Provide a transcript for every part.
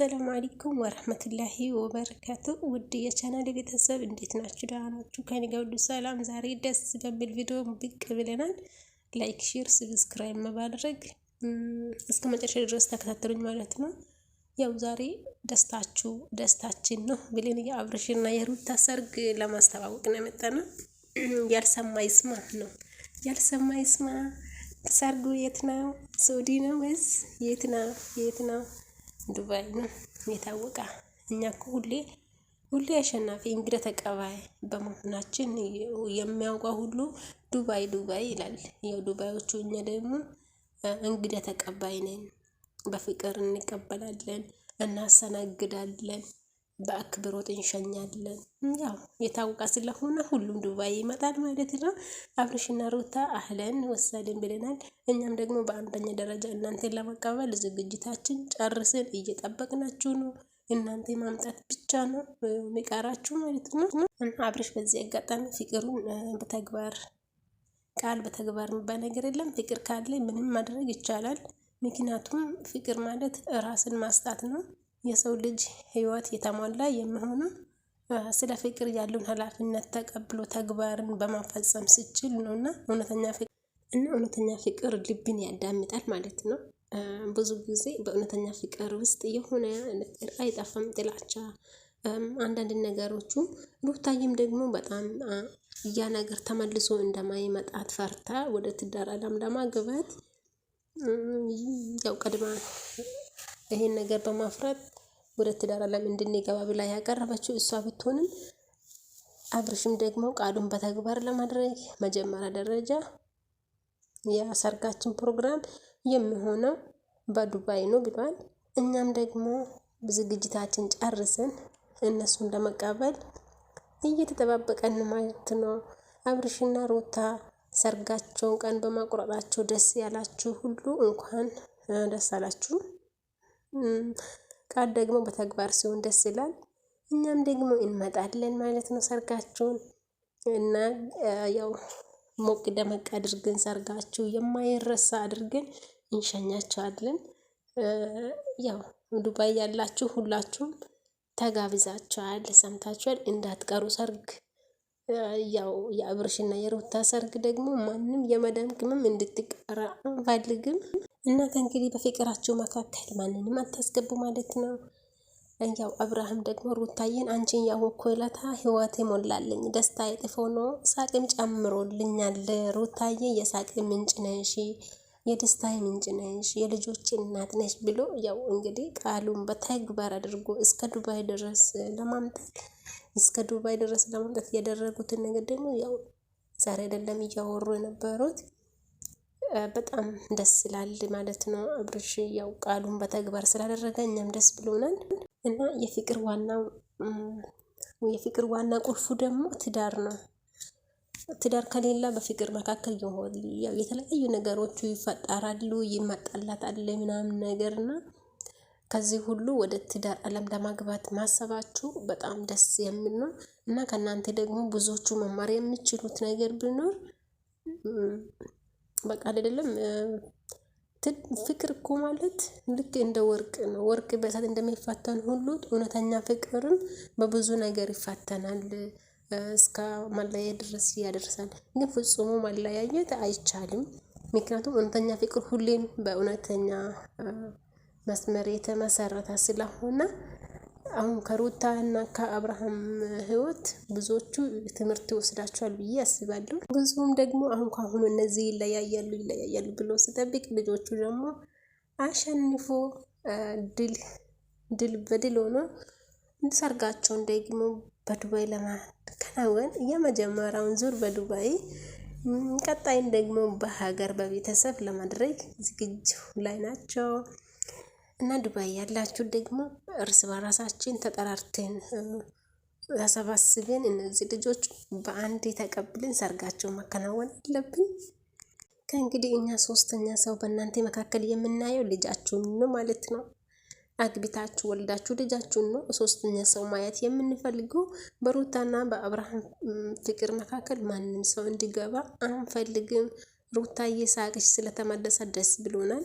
አሰላሙ አለይኩም ወረህመቱላሂ ወበረካቱ። ውድ የቻናል ቤተሰብ እንዴት ናችሁ? ደህና ናችሁ? ከኔ ጋር ሁሉ ሰላም። ዛሬ ደስ በሚል ቪዲዮ ብቅ ብለናል። ላይክ፣ ሼር፣ ሰብስክራይብ ማድረግ እስከ መጨረሻ ድረስ ተከታተሉኝ ማለት ነው። ያው ዛሬ ደስታችሁ ደስታችን ነው ብለን የአብርሽና የሩታ ሰርግ ለማስተዋወቅ ነው የመጣነው። ያልሰማ ይስማ ነው ያልሰማ ይስማ። ሰርጉ የት ነው? ሳውዲ ነው ወይስ የት ነው? የት ነው? ዱባይ ነው የታወቀ። እኛ እኮ ሁሌ ሁሌ አሸናፊ እንግዳ ተቀባይ በመሆናችን የሚያውቀው ሁሉ ዱባይ ዱባይ ይላል። ያው ዱባዮቹ እኛ ደግሞ እንግዳ ተቀባይ ነን። በፍቅር እንቀበላለን፣ እናሰናግዳለን። በአክብሮት እንሸኛለን። ያው የታወቀ ስለሆነ ሁሉም ዱባይ ይመጣል ማለት ነው። አብርሽና ሩታ አህለን ወሰልን ብለናል። እኛም ደግሞ በአንደኛ ደረጃ እናንተን ለመቀበል ዝግጅታችን ጨርስን እየጠበቅናችሁ ነው። እናንተ ማምጣት ብቻ ነው የሚቀራችሁ ማለት ነው። አብርሽ በዚህ አጋጣሚ ፍቅሩን በተግባር ቃል በተግባር የሚባል ነገር የለም። ፍቅር ካለ ምንም ማድረግ ይቻላል። ምክንያቱም ፍቅር ማለት ራስን ማስጣት ነው። የሰው ልጅ ህይወት የተሟላ የሚሆነው ስለ ፍቅር ያለውን ኃላፊነት ተቀብሎ ተግባርን በማፈጸም ስችል ነው እና እውነተኛ እና እውነተኛ ፍቅር ልብን ያዳምጣል ማለት ነው። ብዙ ጊዜ በእውነተኛ ፍቅር ውስጥ የሆነ ነገር አይጠፋም፣ ጥላቻ፣ አንዳንድ ነገሮቹ ሩታዬም ደግሞ በጣም ያ ነገር ተመልሶ እንደማይመጣት ፈርታ ወደ ትዳር ዓለም ለማግባት ያው ቀድማ ይሄን ነገር በማፍራት ወደ ትዳር ዓለም እንድንገባ ብላ ያቀረበችው እሷ ብትሆንም አብርሽም ደግሞ ቃሉን በተግባር ለማድረግ መጀመሪያ ደረጃ የሰርጋችን ፕሮግራም የሚሆነው በዱባይ ነው ብሏል። እኛም ደግሞ ዝግጅታችን ጨርሰን እነሱን ለመቀበል እየተጠባበቀን ማለት ነው። አብርሽና ሩታ ሰርጋቸውን ቀን በማቁረጣቸው ደስ ያላችሁ ሁሉ እንኳን ደስ አላችሁ። ቃል ደግሞ በተግባር ሲሆን ደስ ይላል። እኛም ደግሞ እንመጣለን ማለት ነው ሰርጋችሁን እና ያው ሞቅ ደመቅ አድርገን ሰርጋችሁ የማይረሳ አድርገን እንሸኛችኋለን። ያው ዱባይ ያላችሁ ሁላችሁም ተጋብዛችኋል፣ ሰምታችኋል፣ እንዳትቀሩ ሰርግ። ያው የአብርሽና የሩታ ሰርግ ደግሞ ማንም የመዳም ቅመም እንድትቀራ አንፈልግም። እናንተ እንግዲህ በፍቅራችሁ መካከል ማንንም አታስገቡ ማለት ነው። ያው አብርሃም ደግሞ ሩታዬን አንቺን ያወቅኩ እለታ ህይወቴ ሞላልኝ፣ ደስታ የጥፎ ነው፣ ሳቅም ጨምሮልኛል። ሩታዬ የሳቅ ምንጭ ነሽ፣ የደስታ ምንጭ ነሽ፣ የልጆች እናት ነሽ ብሎ ያው እንግዲህ ቃሉን በተግባር አድርጎ እስከ ዱባይ ድረስ ለማምጣት እስከ ዱባይ ድረስ ለማምጣት ያደረጉትን ነገር ደግሞ ያው ዛሬ አይደለም እያወሩ የነበሩት በጣም ደስ ይላል ማለት ነው። አብርሽ ያው ቃሉን በተግባር ስላደረገ እኛም ደስ ብሎናል እና የፍቅር ዋናው የፍቅር ዋና ቁልፉ ደግሞ ትዳር ነው። ትዳር ከሌላ በፍቅር መካከል ይሆን ያው የተለያዩ ነገሮቹ ይፈጠራሉ፣ ይመጣላታል ምናምን ነገር እና ከዚህ ሁሉ ወደ ትዳር ዓለም ለማግባት ማሰባችሁ በጣም ደስ የሚል ነው እና ከእናንተ ደግሞ ብዙዎቹ መማር የሚችሉት ነገር ቢኖር በቃ አይደለም ፍቅር እኮ ማለት ልክ እንደ ወርቅ ነው። ወርቅ በእሳት እንደሚፈተን ሁሉ እውነተኛ ፍቅርም በብዙ ነገር ይፈተናል፣ እስከ ማለያየት ድረስ ያደርሳል። ግን ፍጹሙ ማለያየት አይቻልም። ምክንያቱም እውነተኛ ፍቅር ሁሌም በእውነተኛ መስመር የተመሰረተ ስለሆነ አሁን ከሩታ እና ከአብርሃም ህይወት ብዙዎቹ ትምህርት ይወስዳቸዋል ብዬ አስባለሁ። ብዙም ደግሞ አሁን ካሁኑ እነዚህ ይለያያሉ ይለያያሉ ብሎ ስጠብቅ ልጆቹ ደግሞ አሸንፎ ድል ድል በድል ሆኖ ሰርጋቸውን ደግሞ በዱባይ ለማከናወን የመጀመሪያውን ዙር በዱባይ ቀጣይን ደግሞ በሀገር በቤተሰብ ለማድረግ ዝግጅ ላይ ናቸው። እና ዱባይ ያላችሁ ደግሞ እርስ በራሳችን ተጠራርተን ተሰባስበን እነዚህ ልጆች በአንድ ተቀብለን ሰርጋቸው ማከናወን አለብን። ከእንግዲህ እኛ ሶስተኛ ሰው በእናንተ መካከል የምናየው ልጃችሁን ነው ማለት ነው። አግቢታችሁ ወልዳችሁ ልጃችሁን ነው ሶስተኛ ሰው ማየት የምንፈልገው። በሩታና በአብርሃም ፍቅር መካከል ማንም ሰው እንዲገባ አንፈልግም። ሩታ እየሳቀች ስለተመለሰ ደስ ብሎናል።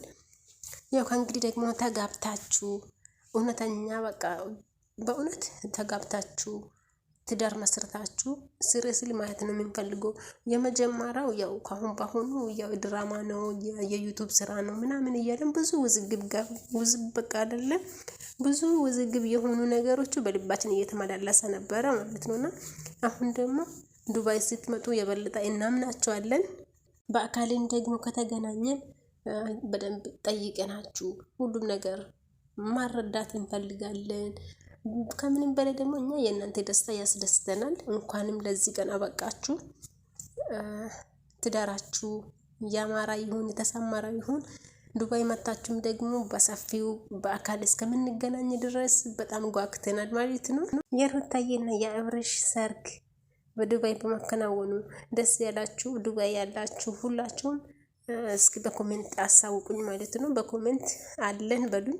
ያው ከእንግዲህ ደግሞ ተጋብታችሁ እውነተኛ በቃ በእውነት ተጋብታችሁ ትዳር መስርታችሁ ስር ማየት ነው የምንፈልገው። የመጀመሪያው ያው ካሁን በአሁኑ ያው ድራማ ነው የዩቱብ ስራ ነው ምናምን እያለን ብዙ ውዝግብ ጋር ውዝብ በቃ አይደለም ብዙ ውዝግብ የሆኑ ነገሮቹ በልባችን እየተመላለሰ ነበረ ማለት ነው። እና አሁን ደግሞ ዱባይ ስትመጡ የበለጠ እናምናቸዋለን። በአካልን ደግሞ ከተገናኘን በደንብ ጠይቀናችሁ ሁሉም ነገር ማረዳት እንፈልጋለን። ከምንም በላይ ደግሞ እኛ የእናንተ ደስታ ያስደስተናል። እንኳንም ለዚህ ቀን አበቃችሁ። ትዳራችሁ የአማራ ይሁን የተሰማራ ይሁን። ዱባይ መታችሁም ደግሞ በሰፊው በአካል እስከምንገናኝ ድረስ በጣም ጓግተናል ማለት ነው። የሩታዬና የአብርሽ ሰርግ በዱባይ በማከናወኑ ደስ ያላችሁ ዱባይ ያላችሁ ሁላችሁም እስኪ በኮሜንት አሳውቁኝ ማለት ነው። በኮሜንት አለን በሉኝ።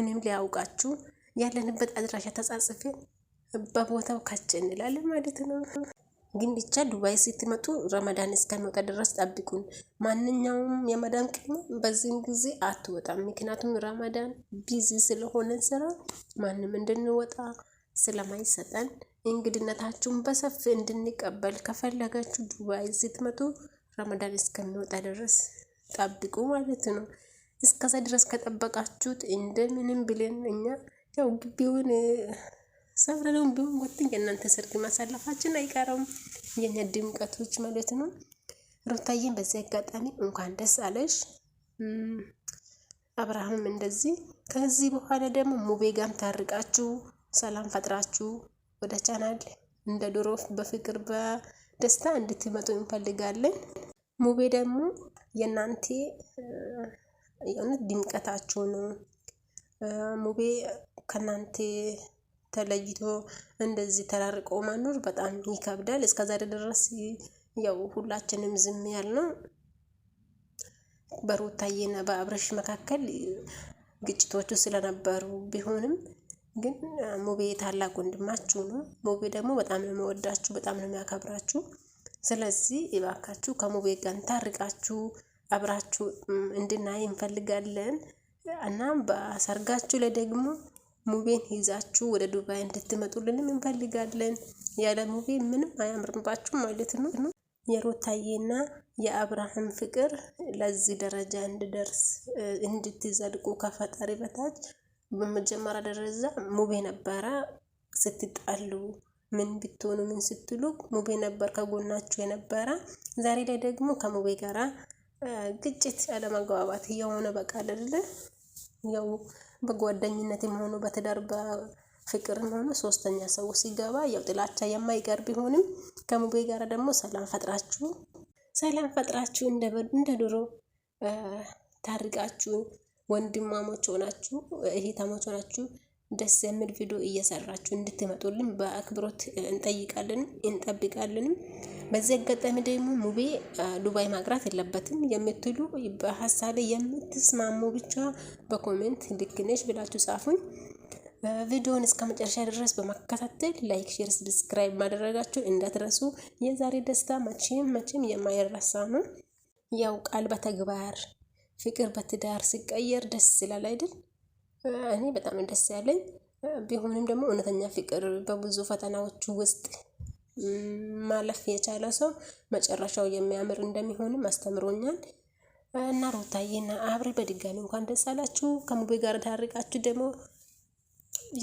እኔም ሊያውቃችሁ ያለንበት አድራሻ ተጻጽፌ በቦታው ካች እንላለን ማለት ነው። ግን ብቻ ዱባይ ስትመጡ ረመዳን እስከሚወጣ ድረስ ጠብቁን። ማንኛውም የመዳን ቅድመ በዚህም ጊዜ አትወጣም። ምክንያቱም ረመዳን ቢዚ ስለሆነ ስራ ማንም እንድንወጣ ስለማይሰጠን እንግድነታችሁን በሰፊ እንድንቀበል ከፈለጋችሁ ዱባይ ስትመጡ ረመዳን እስከሚወጣ ድረስ ጠብቁ ማለት ነው። እስከዛ ድረስ ከጠበቃችሁት እንደምንም ብለን እኛ ያው ግቢውን ሰብረለውን ቢሆን ወጥን የእናንተ ሰርግ ማሳለፋችን አይቀርም። የኛ ድምቀቶች ማለት ነው። ሩታዬን በዚህ አጋጣሚ እንኳን ደስ አለሽ። አብርሃምም እንደዚህ ከዚህ በኋላ ደግሞ ሙቤ ጋም ታርቃችሁ ሰላም ፈጥራችሁ ወደ ቻናል እንደ ድሮ በፍቅር በደስታ እንድትመጡ እንፈልጋለን። ሙቤ ደግሞ የእናንቴ የእውነት ድምቀታችሁ ነው። ሙቤ ከእናንቴ ተለይቶ እንደዚህ ተራርቆ መኖር በጣም ይከብዳል። እስከዛሬ ድረስ ያው ሁላችንም ዝም ያልነው በሩታዬና በአብረሽ መካከል ግጭቶቹ ስለነበሩ ቢሆንም ግን ሙቤ ታላቅ ወንድማችሁ ነው። ሙቤ ደግሞ በጣም ነው የሚወዳችሁ፣ በጣም ነው የሚያከብራችሁ። ስለዚህ እባካችሁ ከሙቤ ጋር ታርቃችሁ አብራችሁ እንድናይ እንፈልጋለን እና በሰርጋችሁ ላይ ደግሞ ሙቤን ይዛችሁ ወደ ዱባይ እንድትመጡልንም እንፈልጋለን። ያለ ሙቤ ምንም አያምርባችሁ ማለት ነው። የሩታዬና የአብርሃም ፍቅር ለዚህ ደረጃ እንድደርስ እንድትዘልቁ ከፈጣሪ በታች በመጀመሪያ ደረጃ ሙቤ ነበረ ስትጣሉ ምን ብትሆኑ ምን ስትሉ ሙቤ ነበር ከጎናችሁ የነበረ። ዛሬ ላይ ደግሞ ከሙቤ ጋራ ግጭት፣ አለመግባባት እየሆነ በቃ አይደለ ያው በጓደኝነት የሚሆኑ በትዳር ፍቅርም ሆነ ሶስተኛ ሰው ሲገባ ያው ጥላቻ የማይቀር ቢሆንም ከሙቤ ጋር ደግሞ ሰላም ፈጥራችሁ ሰላም ፈጥራችሁ እንደ ድሮ ታርቃችሁ ወንድማሞች ሆናችሁ እህታሞች ሆናችሁ ደስ የሚል ቪዲዮ እየሰራችሁ እንድትመጡልን በአክብሮት እንጠይቃለን እንጠብቃለንም። በዚህ አጋጣሚ ደግሞ ሙቤ ዱባይ ማቅራት የለበትም የምትሉ በሀሳብ የምትስማሙ ብቻ በኮሜንት ልክነሽ ብላችሁ ጻፉኝ። ቪዲዮን እስከ መጨረሻ ድረስ በመከታተል ላይክ፣ ሼር፣ ሰብስክራይብ ማድረጋችሁ እንዳትረሱ። የዛሬ ደስታ መቼም መቼም የማይረሳ ነው። ያው ቃል በተግባር ፍቅር በትዳር ሲቀየር ደስ ይላል አይደል? እኔ በጣም ደስ ያለኝ ቢሆንም ደግሞ እውነተኛ ፍቅር በብዙ ፈተናዎች ውስጥ ማለፍ የቻለ ሰው መጨረሻው የሚያምር እንደሚሆንም አስተምሮኛል። እና ሩታዬና አብሬ በድጋሚ እንኳን ደስ አላችሁ። ከሙቤ ጋር ታርቃችሁ ደግሞ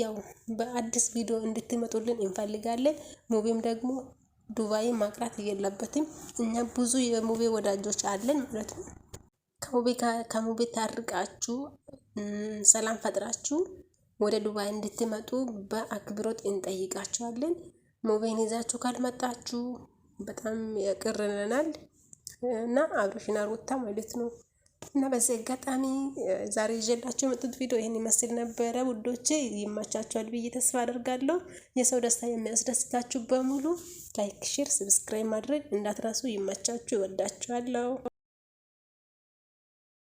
ያው በአዲስ ቪዲዮ እንድትመጡልን እንፈልጋለን። ሙቤም ደግሞ ዱባይ ማቅራት የለበትም። እኛ ብዙ የሙቤ ወዳጆች አለን ማለት ነው። ከሙቤ ታርቃችሁ ሰላም ፈጥራችሁ ወደ ዱባይ እንድትመጡ በአክብሮት እንጠይቃችኋለን። ሞቤን ይዛችሁ ካልመጣችሁ በጣም ያቅርነናል እና አብረሽና ሩታ ማለት ነው። እና በዚህ አጋጣሚ ዛሬ ይዤላችሁ የመጡት ቪዲዮ ይህን ይመስል ነበረ ውዶቼ። ይመቻችኋል ብዬ ተስፋ አደርጋለሁ። የሰው ደስታ የሚያስደስታችሁ በሙሉ ላይክ፣ ሼር፣ ሰብስክራይብ ማድረግ እንዳትረሱ። ይመቻችሁ። ይወዳችኋለሁ።